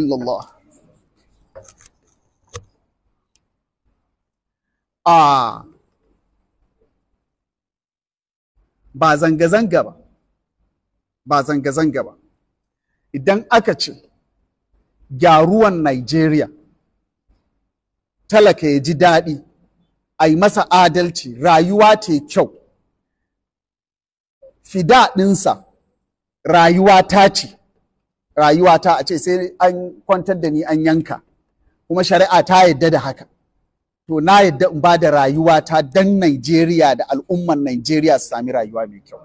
الله a ba zanga-zanga ba ba zanga-zanga ba idan aka ce gyaruwan Najeriya talaka ya ji daɗi a yi masa adalci rayuwa ta kyau fidaɗinsa rayuwa ta ce rayuwata a ce sai an kwantar da ni an yanka kuma shari'a ta yadda da haka to na yadda in ba da rayuwata dan Najeriya da al'umman Najeriya su sami rayuwa mai kyau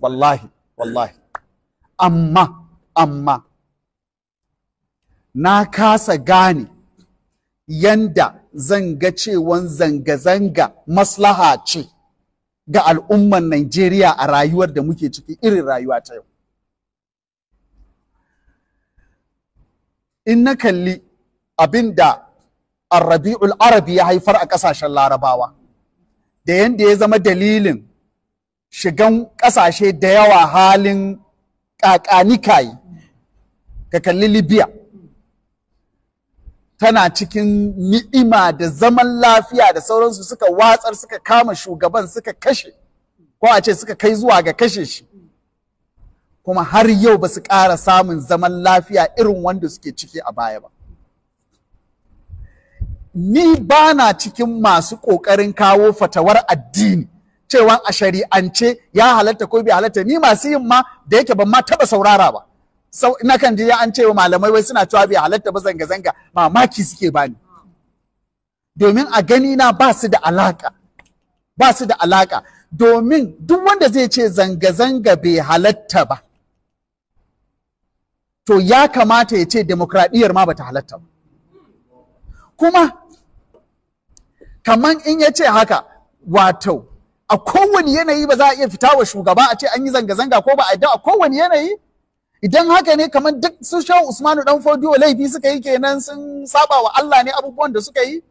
wallahi wallahi amma amma na kasa gane yanda zan ga cewan zanga-zanga maslaha ce ga al'ummar Najeriya a rayuwar da muke ciki irin rayuwa ta yau in na kalli abin da arabi'ul arabi ya haifar a ƙasashen larabawa da yadda ya zama dalilin shigan ƙasashe da yawa halin ƙaƙanikayi ka kalli libya tana cikin ni'ima da zaman lafiya da sauransu suka watsar suka kama shugaban suka kashe ko a ce suka kai zuwa ga kashe shi kuma har yau ba su ƙara samun zaman lafiya irin wanda suke ciki a baya ba ni ba na cikin masu ƙoƙarin kawo fatawar addini cewa a shari'ance ya halatta ko bai halatta ni masu yin ma da yake ban ma taɓa saurara ba sau ina kan ji an cewa malamai wai suna cewa bai halatta ba zanga-zanga mamaki suke bani domin a gani na ba su da alaka ba su da alaka domin duk wanda zai ce zanga-zanga bai halatta ba to ya kamata ya ce demokradiyyar ma bata halatta kuma kamar in ya ce haka wato a kowane yanayi ba za a iya fita wa shugaba a ce an yi zanga-zanga ko ba a da a kowane yanayi idan haka ne kamar duk sun sha usmanu ɗan fodiyo laifi suka yi kenan sun saba wa Allah ne abubuwan da suka yi